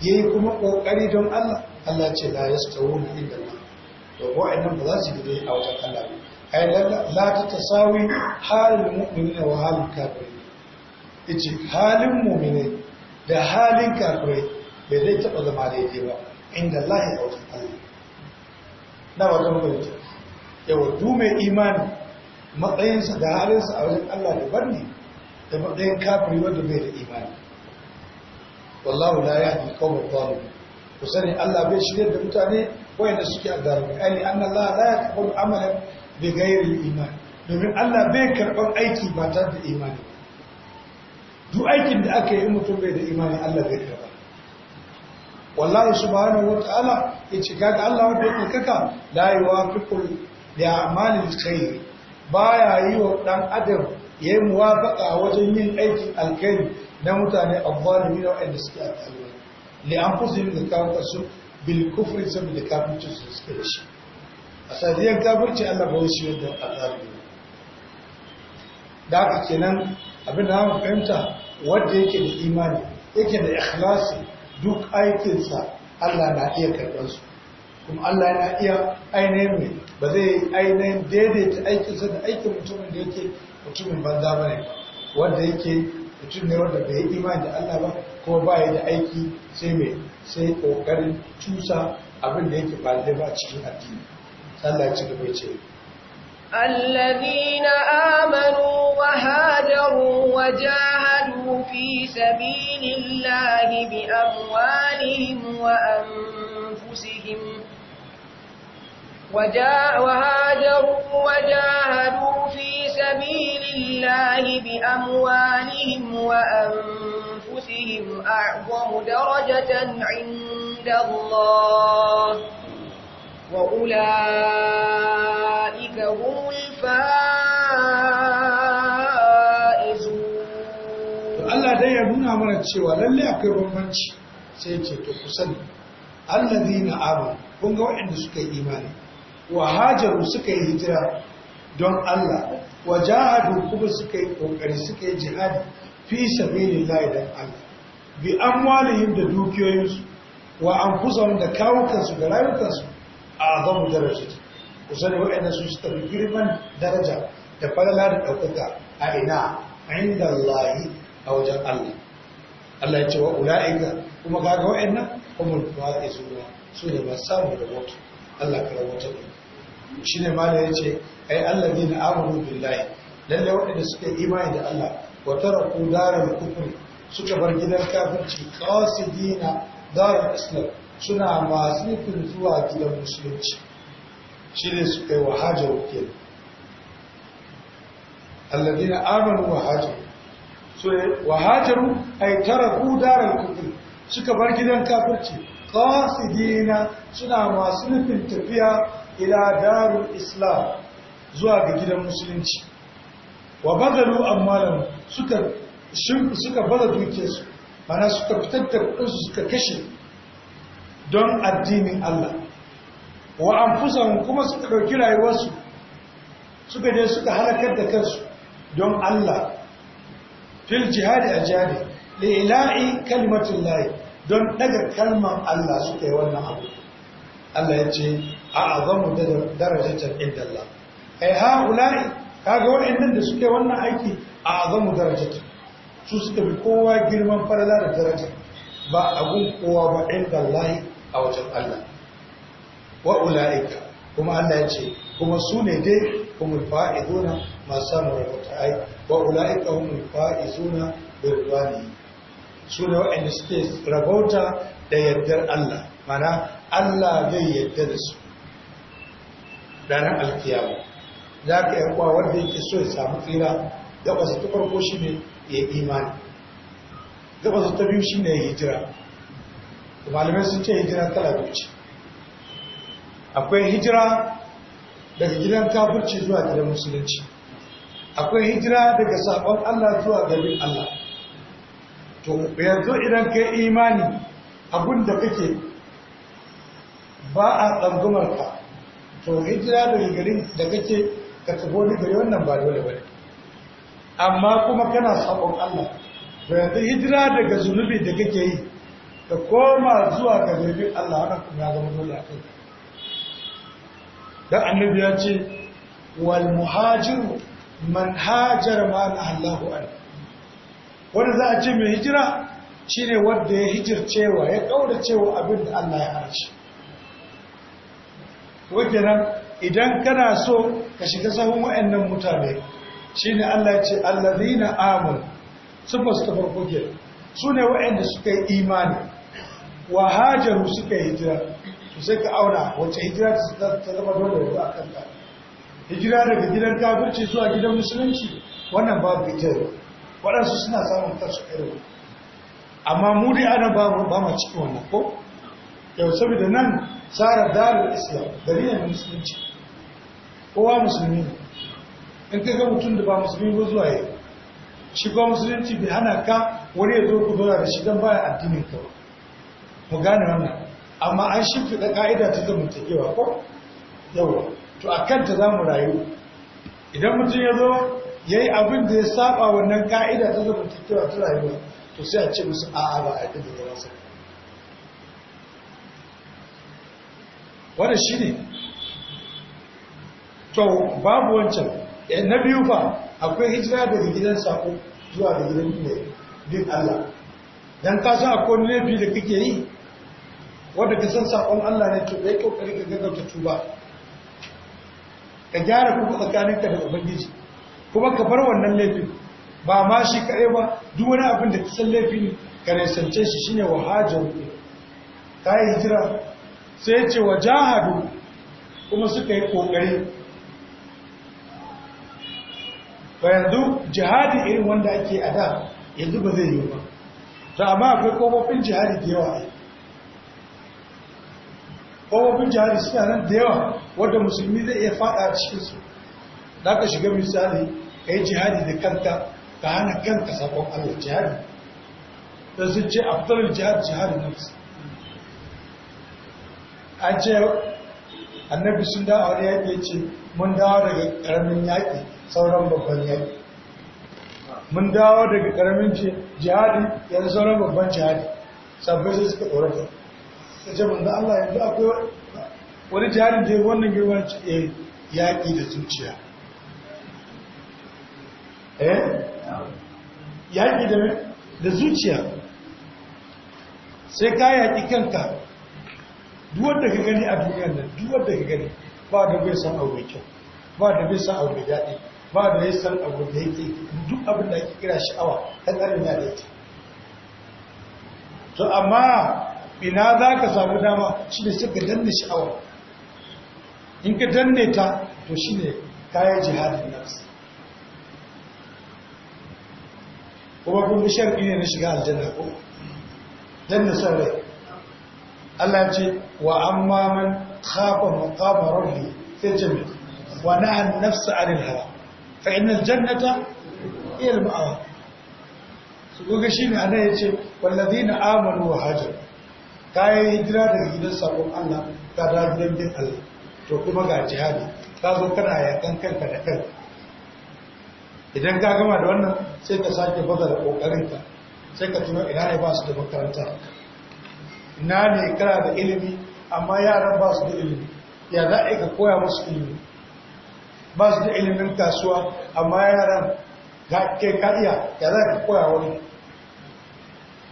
yayi kuma kokari don Allah Allah ce la yastawuna inda Allah to wa'annan ba za su gide a wajen Allah ba ai la ta halin da halin kafirai bai zai taɓa zama daidai ba inda lahi a wajen Allah na wajen bai yawa du mai imani matsayinsa da halinsa a wajen Allah da ne da matsayin kafiri wanda bai da imani wallahu la ya al-qawma adh-dhalimin ku sani Allah bai shigar da mutane wayanda suke azzalimi ai anna Allah la yaqbalu amalan bi ghairi imani. domin Allah bai karɓar aiki ba tare da imani duk aikin da aka yi mutum bai da imani Allah bai karba wallahi subhanahu wa ta'ala yace kaga Allah wanda yake kaka la yuwafiqu li a'malil khair baya yi wa dan adam yayi muwafaqa wajen yin aikin alkhairi na mutane azzalimi na wanda suke an li anfusihim da kafasu bil kufri saboda kafirci su suke da shi a sadiyan kafirci Allah ba shi yadda alkhairi da haka kenan abin da hama fahimta wanda yake da imani yake da ikhlasi duk aikinsa Allah na iya karɓar su kuma Allah yana iya ainihin mai ba zai ainihin daidaita aikinsa da aikin mutumin da yake mutumin banza ba ne wanda yake mutum ne wanda bai yi imani da Allah ba ko ba ya da aiki sai mai sai kokarin tusa abin da yake falle ba cikin addini Allah ya ci gaba ya ce الذين آمنوا وهاجروا وجاهدوا في سبيل الله بأموالهم وأنفسهم وهاجروا وجاهدوا في سبيل الله بأموالهم وأنفسهم أعظم درجة عند الله وأولئك هم الفائزون الله دai ya nuna mana cewa lallai akwai bambanci sai ce to ku sani allazina amanu kun ga waɗanda suka yi imani wa hajaru suka yi hijira don Allah wajahadu kuma suka yi kokari suka yi jihadi fi sabilillahi dan Allah bi amwalihim da dukiyoyinsu wa an kusa da su da su a azamu darajati ku sani wa'annan su tafi girman daraja da falala da ɗaukaka a ina inda Allah a wajen Allah Allah ya ce wa ula'ika kuma kaga wa'annan kuma ba su ne ba samu da wato Allah ka rawata da da ya ce, ai na amurin billahi lalle waɗanda suka yi imani da Allah wa taraku da kufr suka bar gidan kafirci dina daral islam suna masu nufin zuwa gidan musulunci ne suka yi wa hajaru kenan na amurin wa Su ne wa ta ay taraku daral kufr suka bar gidan kafirci dina suna masu nufin tafiya ila darul islam zuwa ga gidan musulunci wa badalu ammalan suka suka bada dukiyarsu mana suka fitar da kudinsu suka kashe don addinin Allah wa anfusahum kuma suka dauki rayuwarsu suka je suka halakar da kansu don Allah fil jihadi a jihadi lila'i kalimatin don daga kalman Allah suka yi wannan abu Allah ya ce a'azamu darajatan inda Allah ai ha'ula'i kaga waɗannan da suke wannan aiki a'azamu darajatan su suka bi kowa girman farada da daraja ba abun kowa ba indallahi a wajen Allah wa ula'ika kuma Allah ya ce kuma su ne dai kuma fa'iduna masu samun rahota ai wa ula'ika kuma fa'iduna da rubani su ne wa'anda suke rabauta da yardar Allah mana Allah zai yarda da su ranar alkiyama za ka yi kuwa wanda yake so ya samu tsira gabasa ta farko shi ne ya yi imani gabasa ta biyu shi ne ya hijira malamai sun ce hijira kala biyu akwai hijira daga gidan kafirci zuwa gidan musulunci akwai hijira daga sabon Allah zuwa garin Allah to yanzu idan yi imani abin da kake ba a tsangumarka ka to hijira daga garin da kake ka tafi da gari wannan ba dole bane amma kuma kana sabon Allah to yanzu hijira daga zunubi da kake yi ka koma zuwa ga zargin Allah haka kuma ya zama dole a kai dan annabi ya ce wal muhajiru man hajara ma na Allahu an wanda za a ce mai hijira shine wanda ya hijircewa ya kauracewa abin da Allah ya hana nan idan kana so ka shiga sahun wa'annan mutane shine Allah ce, ce allazina Amun, sifar su ta farko ke su ne wa'anda suka yi imani wa hajaru suka yi hijira to sai ka auna wacce hijira ta zama dole da a kanta hijira daga gidan kafirci zuwa gidan musulunci wannan babu hijira waɗansu suna samun kansu irin amma mu dai ana ba mu cikin wannan ko yau saboda nan sarar dalil islam gari musulunci kowa musulmi in ka ga mutum da ba musulmi ba zuwa yau shiga musulunci bai hana ka wani ya zo ku zauna da shi don baya addinin ka mu gane wannan amma an shimfiɗa ka'ida ta zama ta kewa ko yawa to a kanta za zamu rayu idan mutum ya zo ya yi abin da ya saba wannan ka'ida ta zama ta kewa ta rayuwa to sai a ce musu a'a ba a yi da zama shi ne to babu wancan eh, na biyu fa akwai hijira daga gidan sako zuwa da gidan ne bin Allah dan ka san akwai laifi da kake yi wadda ka san sakon Allah ne to bai kokari ka gaggauta tuba ka gyara kuma ka da ubangiji kuma ka bar wannan laifin ba ma shi kare ba duk wani abin da ka san laifin ka nisance shi shine wahajar ka yi hijira sai ce wa jahadu kuma suka yi ƙoƙari ba yanzu jihadi irin wanda ake a da yanzu ba zai yi ba za a akwai ƙofofin jihadi da yawa ƙofofin jihadi suna nan da yawa wadda musulmi zai iya faɗa cikinsu da ka shiga misali ka yi jihadi da kanta ka hana kanta sakon allah jihadi da sun ce aftarar jihadi jihadi na musulmi an ce annabi sun da ya ke ce mun dawo daga ƙaramin yaƙi sauran babban yaƙi mun dawo daga ƙaramin jihadi yanzu sauran babban jihadi sabbai sai suka tsorata ta ce mun da Allah yanzu akwai wani jihadi da ya wannan girman eh, yaƙi da zuciya eh? yaƙi da zuciya sai ka yaƙi kanka duwanda ka gani a duniyar nan duwanda ka gani ba da bai san abu mai kyau ba da bai san abu mai daɗi ba da bai san abu da yake duk abin da ake kira sha'awa ɗan tsarin ya da to amma ina za ka samu dama shi ne suka danne sha'awa in ka danne ta to shi ne kayan jihadin nasu kuma kun sharɗi ne na shiga aljanna ko danne son rai Allah ya ce wa amma man khafa maqama rabbi sai ce wa na'a nafsa 'anil hawa fa innal jannata hiya al-ma'wa su goga ne ana yace ladina amanu wa hajaru kai hijira daga gidan sabon Allah ka da gidan bin Allah to kuma ga jihadi ka zo kana kan kanka da kanka idan ka gama da wannan sai ka sake baza da ka sai ka tuno ina ne ba su da makaranta ina ne kana da ilimi amma yaran ba su da ilimi ya za a koya musu ilimi ba su da ilimin kasuwa amma yaran ke kariya ya za ka koya wani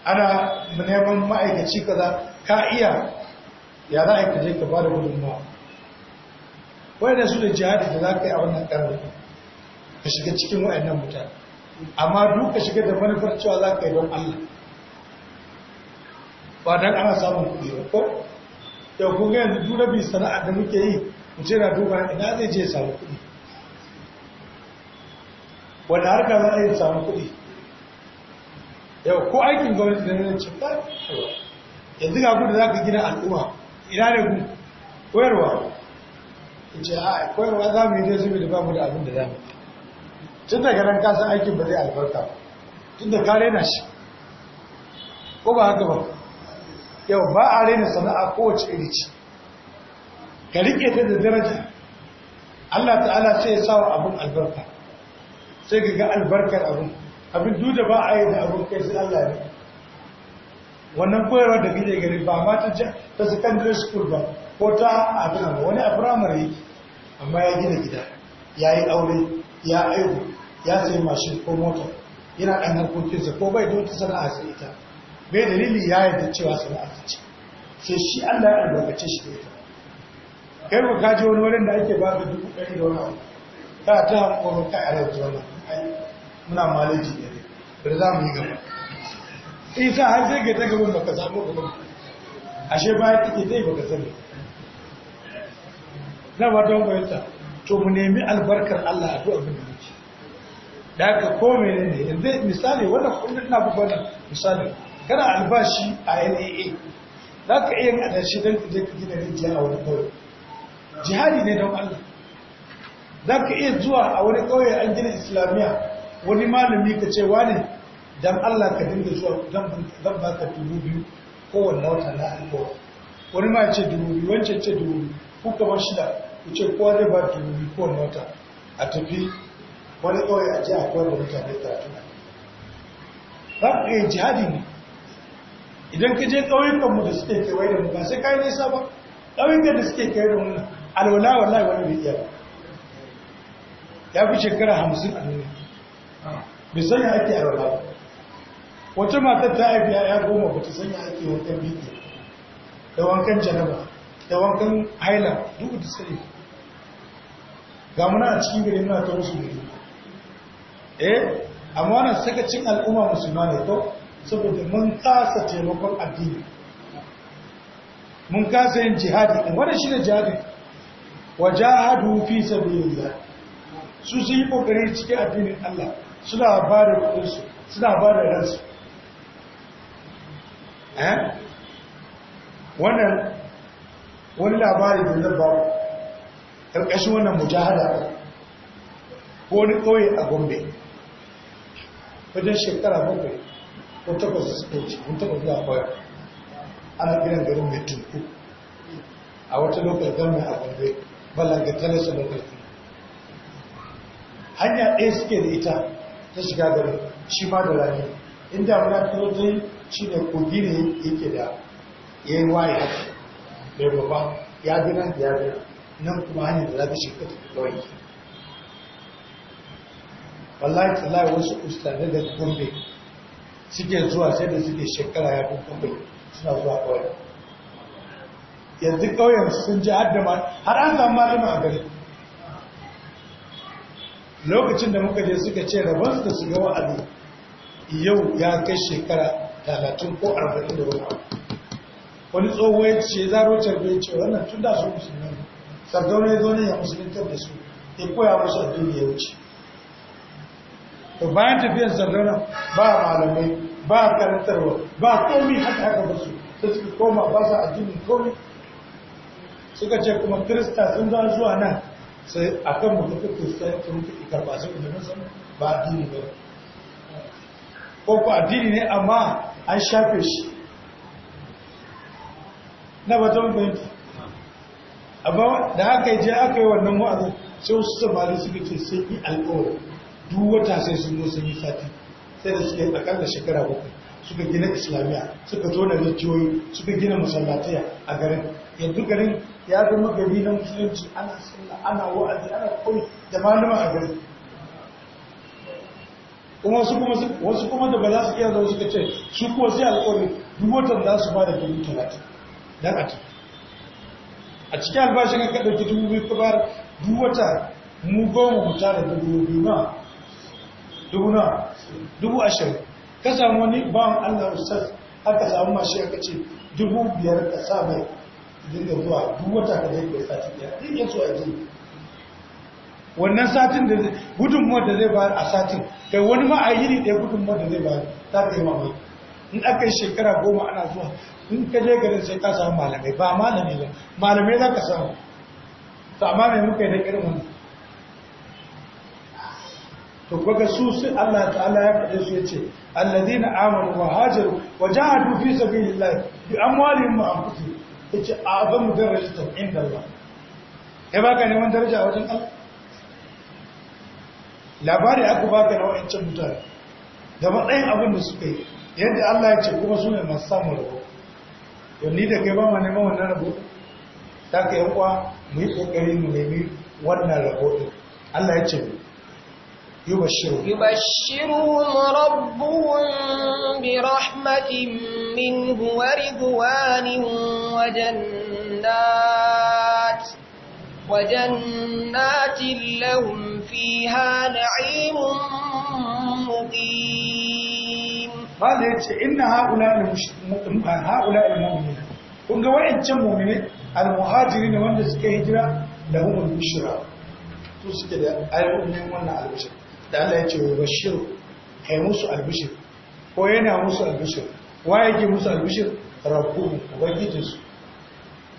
ana neman ma'aikaci za ka iya ya za a ka je ka ba da wani da su da jihadi da za ka yi a wannan ƙarni ka shiga cikin wa'annan mutane amma duk ka shiga da manufar cewa za ka yi don Allah ba don ana samun kuɗi ba ko yau kun yanzu duk rabi sana'a da muke yi mu ce na duba ina zai je samu kuɗi wanda harka za a yi samu kuɗi yau ko aikin gwamnati da nan cikin yanzu ga gudu za ka gina al'umma ina ne ku koyarwa in ce a koyarwa za mu yi zai zubi da ba mu da abin da za tun daga nan kasan aikin ba zai albarka tun da kare na shi ko ba haka ba yau ba a raina sana'a kowace iri ce ka riƙe ta da daraja Allah ta'ala sai ya sa wa abin albarka sai ka ga albarkar abin abin duda da ba a yi da abin kai sai Allah ne wannan koyarwa da kake gari ba ma ta ta secondary school ba ko ta abin ba wani a primary yake amma ya gina gida ya yi aure ya aihu ya sayi mashin ko mota yana ɗan harkokinsa ko bai da wata sana'a sai ita bai dalili ya da cewa suna arziki sai shi Allah ya albarkace shi da ita kai ko kaji wani wurin da ake ba da dubu ɗari da wani ta ta hankoro ka a rauki ai muna maleji ne da za mu yi gaba isa har sai ga ta gaban baka samu gaban ashe baya take dai baka sani na ba don bayanta to mu nemi albarkar Allah a duk abin da muke da haka ko menene yanzu misali wannan kundin na bukwani misali kana albashi a NAA za ka iya adashi don ka je ka rijiya a wani kawai jihadi ne don Allah za ka iya zuwa a wani kawai an gina islamiyya wani malami ka ce wane don Allah ka dinga zuwa zan ba ka dubu biyu kowanne wata na alkawar wani ma ce dubu biyu wancan ce dubu biyu ku kamar shida ku ce kowa ne ba dubu biyu kowanne wata a tafi wani kawai a ji a koyar mutane karatu za ku iya jihadi ne idan ka je ƙauyukanmu da suke kewaye da mu ba sai kayan nisa ba ƙauyukan da suke kewaye da mu alwala wallahi wani bai iya ya fi shekara hamsin a duniya bai sanya ake alwala ba wata mata ta haifi ya goma ba ta sanya ake wata biki da wankan janaba da wankan haila duk da sai ga muna a cikin gari muna ta wasu gari eh amma wannan sakacin al'umma musulma ne to saboda mun kasa taimakon addini mun kasa yin jihadi wadda shi ne jihadi jihadi fi sabilillah su su yi kokari cikin addinin Allah suna ba da kudinsu suna ba da ransu eh wannan wani labari da zan ba ƙarƙashin wannan mujahada ko wani ƙauye a gombe wajen shekara bakwai ko takwas da suka wuce mun taɓa zuwa kwaya ana gidan garin mai tunku a wata lokacin lokal gama a gombe balangantare su lokal hanya ɗaya suke da ita ta shiga garin shi ma da rani inda muna fito ta shi ne kogi ne yake da ya yi waye haka mai babba ya gina nan ya bi nan kuma hanyar da za ta shiga ta kawai wallahi tallahi wasu ustane da gombe suke zuwa sai da suke shekara ya dukkan bai suna zuwa kawai yanzu kawai sun ji har har an samu malama a gari lokacin da muka je suka ce rabon da su ga wa'azi yau ya kai shekara talatin ko arba'in da wani wani tsohuwa ya ce rocar bai ce wannan tun da su musulmi sardauna ya zo ne ya musulunta da su ya koya musu addini ya wuce to bayan tafiyar sardauna ba malamai ba karantarwa ba komi haka haka ba su da suka koma ba su addinin komi suka ce kuma kirista sun za zuwa nan sai a kan mutu kirista sun fi karɓa su kuma nan sama ba addini ba ko ku addini ne amma an shafe shi na batun fahimta amma da haka yi je aka yi wannan wa'azin sai wasu samari suka ce sai yi alƙawarin duk wata sai sun zo sun yi sati sai da suke akalla shekara bakwai suka gina islamiyya suka tona rijiyoyi suka gina masallatai a garin yanzu garin ya zama gari na musulunci ana sallah ana wa'azi ana kawai da malama a garin kuma wasu kuma da ba za su iya zama suka ce su kuwa sai alƙawari duk watan za su ba da dubu talatin don a ta. a cikin albashin ka ɗauki dubu biyu ka bayar duk wata mu goma mu tara dubu biyu ma dubu na dubu ashirin ka samu wani ba'an allah ustaz aka samu mashi aka ce dubu biyar ka samun dinga zuwa dubu wata ka zai kai sati biyar ɗin yin zuwa ji wannan satin da gudun da zai bayar a satin kai wani ma'ayiri ɗaya gudunmuwar da zai bayar ta ka yi mamaki in aka yi shekara goma ana zuwa in ka je garin sai ka samu malamai ba malamai ba malamai za ka samu to amma mai muka yi da irin wani to kaga su su Allah ta'ala ya faɗe su yace alladheena amanu wa hajaru wa jahadu fi sabilillahi bi amwalihim wa anfusihim yace da darajatan inda Allah kai baka neman daraja a wajen Allah labari aka baka na wa'ancan mutane da matsayin abin da suka yi yadda Allah ya ce kuma su ne masu samun rabo ni da kai ba ma neman wannan rabo ta ka kwa mu yi ƙoƙari mu nemi wannan rabo ɗin Allah ya ce mu يبشرهم يبشرهم ربهم برحمة منه ورضوان وجنات وجنات لهم فيها نعيم مقيم ماذا إن هؤلاء هؤلاء المؤمنين كنت وإن مؤمنين المهاجرين وأن كهجرة لهم البشرى تسكي المؤمنين وأن البشرى da Allah ya ce wa bashir kai musu albishir ko yana musu albishir wa yake musu albishir rabbu ubangijinsu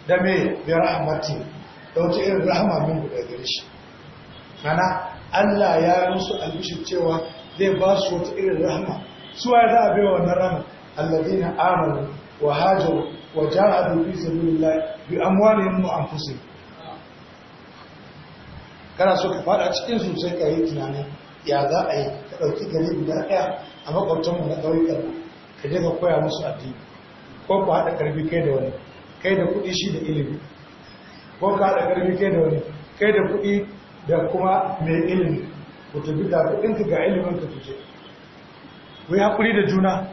da me bi rahmatin da wata irin rahama min guda gare shi mana Allah ya yi musu albishir cewa zai ba su wata irin rahama su waye za a bai wannan rahama alladina amanu wa hajaru wa jahadu fi sabilillah bi amwalihim wa anfusihim kana so ka fada cikin su sai ka yi tunanin ya za a yi ka ɗauki gari guda ɗaya a mu na ƙauyukan ka je ka koya musu addini ko ku haɗa ƙarfi kai da wani kai da kuɗi shi da ilimi ko ka haɗa ƙarfi kai da wani kai da kuɗi da kuma mai ilimi ku tafi da kuɗinka ga ilimin ka tuje ku yi haƙuri da juna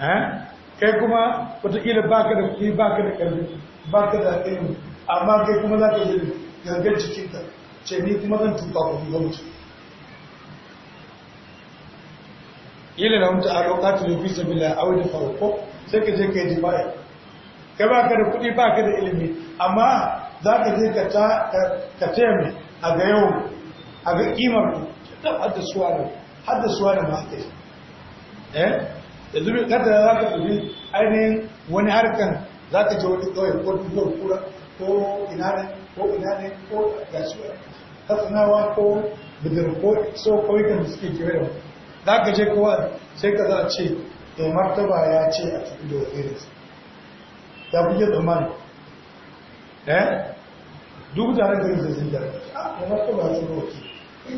eh? kai kuma wataƙila ba ka da kuɗi ba ka da ƙarfi ba ka da ilimi amma kai kuma za ka yi gangan cikinka ce ni kuma zan tuka ku ga mutum kila na mutu a roƙatu fisa bila a wadda farko sai ka je ka yi jima'i ka ba ka da kuɗi ba ka da ilimi amma za ka je ka taya mai a ga yau a ga ƙimar ku ta da suwa da mata eh da zubi kada za ka tafi ainihin wani harkan za ka je wani ƙauye ko dubuwar kura ko ina ne ko ina ne ko gasuwa ko bidir ko so ƙauyukan da suke kewaye da wani za ka je kowa sai ka za a ce da eh, martaba ya ce a cikin da su. ya kuke tsammani eh duk ah, da nan garin da zindar a martaba ya ce da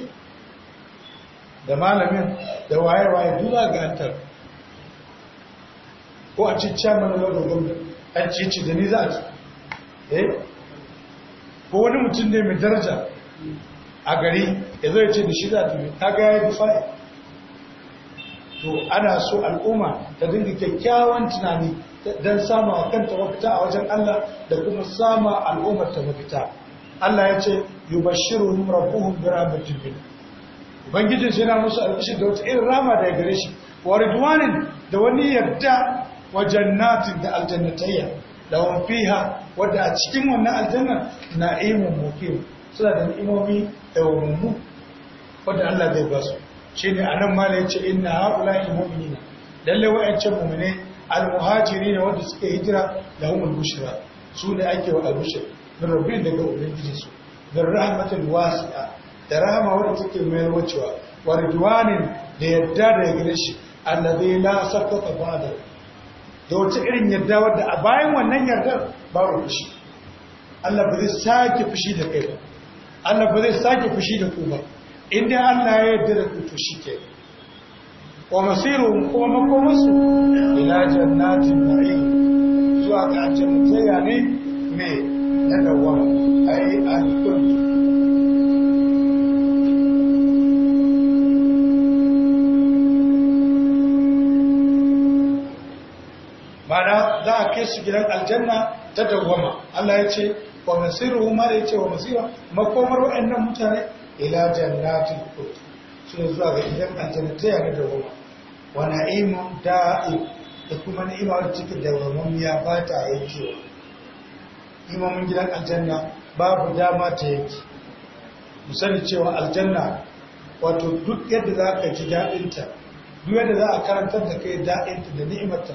da malamin da waye-waye duk za ga antar ko a ci chairman na gwamnati an ci ci da ni za a ci eh ko wani mutum ne mai daraja a gari ya zai ce da shi za a tafi ta ga ya yi fa'i to ana so al'umma ta dinga kyakkyawan tunani don sama kanta mafita a wajen Allah da kuma sama al'ummar ta mafita Allah ya ce yubashshiruhum rabbuhum bi rahmatin min ubangijin sai na musu albishir da wata irin rama ya gare shi wa ridwanin da wani yadda wa jannatin da aljannatayya lahum fiha wadda a cikin wannan aljannan na'imun muqim suna da ni'imomi da wummu wadda Allah zai ba su ne shine anan mala yace inna haula'i mu'minina lalle wa'ancan mummune al na wanda suka hijira hukun bushira su ne ake wa al-bushra min rabbin daga ubangiji su da rahmatul wasi'a da rahama wanda suke mai wucewa wa ridwanin da yadda da ya gina shi na sarko ta ba'da da wata irin yadda wadda a bayan wannan yardar babu fushi Allah ba zai sake fushi da kai ba Allah ba zai sake fushi da ku ba inda Allah ya yarda da shi ke, wa masiru kuma makomansu ila jannatin na'im zuwa ga jannatayya ne ne na dawama ai al Ba mana za a kai su gidan aljanna ta dawwama Allah ya ce wa masiru mara ya ce wa masiru makomar wa'annan mutane ila jannatin khuld shi zuwa ga idan aljanna ta yana da ruwa wa na'imun da'i da kuma ni'ima wadda take da gwamnamiya ba ta yankewa imamin gidan aljanna babu dama ta yanki. mu sani cewa aljanna wato duk yadda za ka ji ta duk yadda za a karantar da kai ta da ta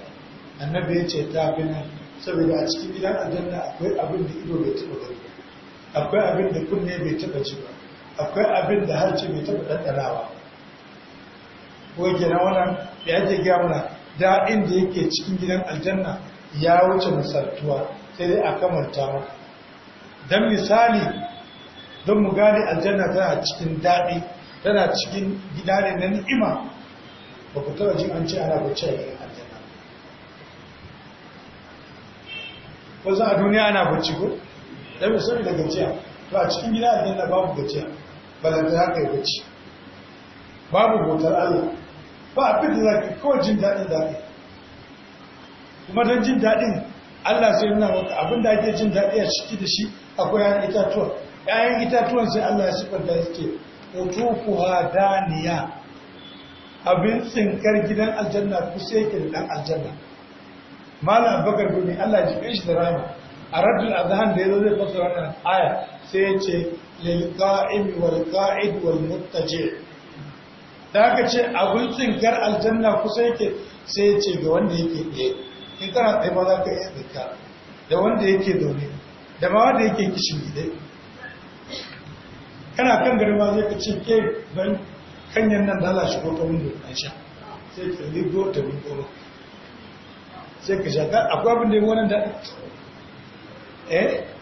annabi ya ce ta fi nan saboda a cikin gidan aljanna akwai abin da ido bai taɓa gani akwai abin da kunne bai taɓa ji ba akwai abin da ce mai taɓa ɗanɗanawa goge na wannan da yake gaya mana daɗin da yake cikin gidan aljanna ya wuce misaltuwa sai dai a kamarta maka don misali don mu gane aljanna tana cikin daɗi tana cikin gida ne na ni'ima ba ku taɓa jin an ce ana bacci a gidan aljanna ko za a duniya ana bacci ko don misali da gajiya to a cikin gida aljanna babu gajiya balanta ya kai bacci babu bautar Allah ba abin da zaki kawai jin daɗin daɗi kuma don jin daɗin Allah sai nuna maka abin da ake jin daɗi a ciki da shi akwai ‘ya'yan itatuwa ‘ya'yan itatuwan sai Allah ya sifar da ku ha daniya abin tsinkar gidan aljanna kusa yake da ɗan aljanna Malam abubakar gumi Allah ji kai shi da rama a raddul azhan da ya zo zai fasa wannan aya sai ya ce lilqa'im wal qa'id wal muttaji da aka ce abin tsinkar aljanna kusa yake sai ya ce ga wanda yake tsaye in kana tsaye ma za ka iya tsinka da wanda yake zaune da ma wanda yake kishin gidai kana kan gari ma zai ka ce ke ban kanyan nan da za shi ko ta windo an sha sai ka ligo ta windo sai ka sha akwai abin da yi wannan da eh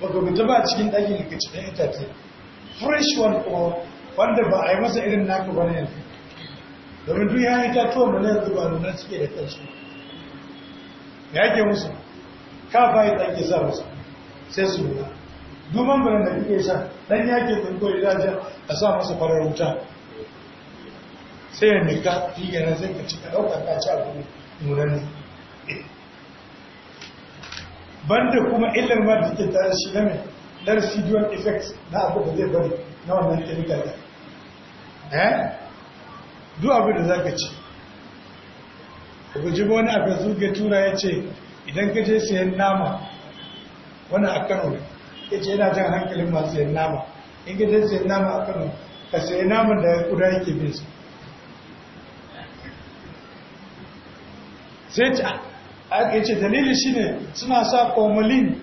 ba ka fita ba cikin ɗakin da ka ci itace fresh one ko wanda ba a yi masa irin naka wani na yanzu domin duk ya itatuwan da mana yanzu ba nuna suke da kansu ya ke musu ka bayi da ake sa musu sai su nuna duban bane da kuke sa dan yake tsinko da daji a sa masa farar wuta sai ya nika fiye na zai ka cika ɗaukar ka ci abu nuna banda kuma illar ma da ke tare shi game na residual effects na abu da zai bari na wannan chemical eh duk abu da zaka ci ku ji wani aka zuge tura ya ce idan ka je sayan nama wani a Kano ya ce yana jan hankalin masu sayan nama in ka je sayan nama a Kano ka sayi nama da kuda yake bin su sai ta aka yace dalili shine suna sa formalin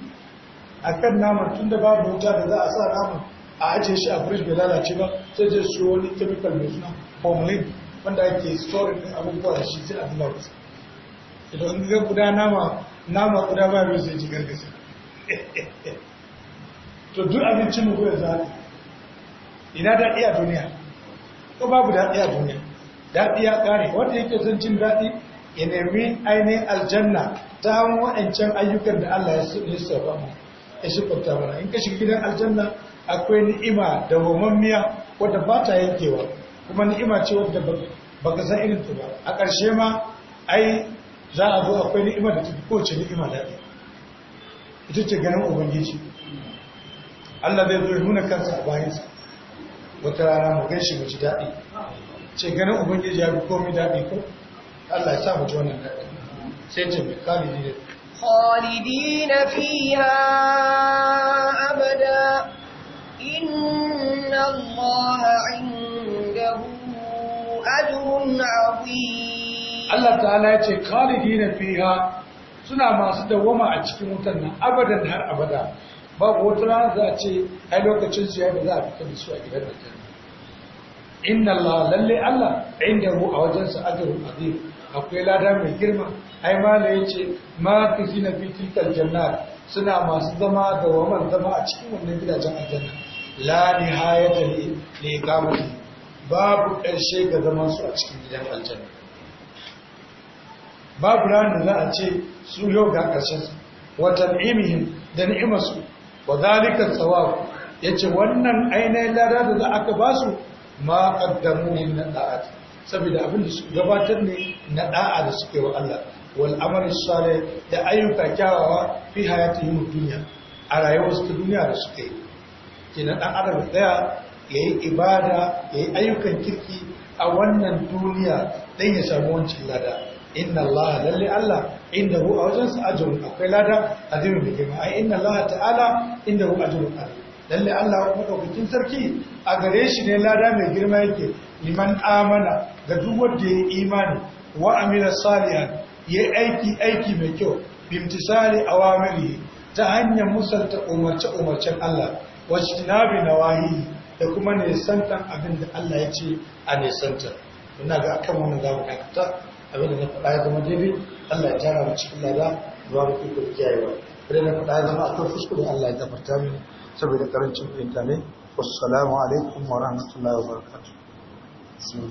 akan naman tunda babu wuta da za a sa naman a ajiye shi a fridge bai lalace ba sai je su wani chemical mai suna formalin wanda ake story din abubuwa da shi sai a zuba musu idan ga guda nama nama guda ba ruwa ji gargasa [LAUGHS] to duk abincin mu kuwa za ina daɗi a duniya ko babu daɗi a duniya daɗi ya ƙare wanda yake son cin daɗi ya nemi ainihin aljanna ta hawan waɗancan ayyukan da Allah ya saba mu ya shifanta mana in ka shiga gidan aljanna akwai ni'ima da miya wadda ba ta yankewa kuma ni'ima ce wadda ba ka san irin ta ba a ƙarshe ma ai za a zo akwai ni'ima da tafi kowace ni'ima daɗi ita ce ganin ubangiji Allah zai zo nuna kansa a bayansa wata rana mu gan shi mu ji daɗi ce ganin ubangiji ya fi komai daɗi ko Allah ya sa mu ji wannan sai ce mai khalidin khalidin fiya abada inna Allah indahu ajrun azim Allah ta'ala ya ce khalidin fiya suna masu dawama a cikin wutar nan abadan har abada babu wata rana za a ce ai lokacin su yayi ba za a fita da su a gidan da inna Allah lalle Allah inda mu a wajensa ajrun azim akwai lada mai girma ai mala yace ma kifina fi tilkal jannat suna masu zama da waman zama a cikin wannan gidajen aljanna la nihayata li liqamati babu ƙarshe ga zaman su a cikin gidan aljanna babu da za a ce su yau ga ƙarshen wa tan'imihim da su, wa zalika thawab yace wannan ainihin lada da za aka basu ma qaddamu min da'ati saboda abin da suka gabatar ne na da'a da suke wa Allah wal amali salih da ayyuka kyawawa fi hayatihim dunya a rayuwar su duniya da suke yi na dan adam ya yayi ibada yayi ayyukan kirki a wannan duniya dan ya samu wancin lada inna Allah lalle Allah indahu a wajen sa ajrun akwai lada azimin da girma ai inna Allah ta'ala indahu ajrun lalle Allah kokin sarki a gare shi ne lada mai girma yake liman amana ga duk wanda ya imani wa amila salihan ya aiki aiki mai kyau bimtisali awamiri ta hanyar musanta umarce umarcen Allah wacce na bi nawahi da kuma ne santan abin Allah ya ce a ne santan ina ga akan wani zamu dakata abin da na faɗa ya zama daidai Allah ya tara mu cikin lada zuwa mu kuka kiyayewa idan na faɗa ya zama akan da Allah ya tabbata mu saboda karancin fahimta ne wassalamu alaikum wa rahmatullahi wa barakatuh smooth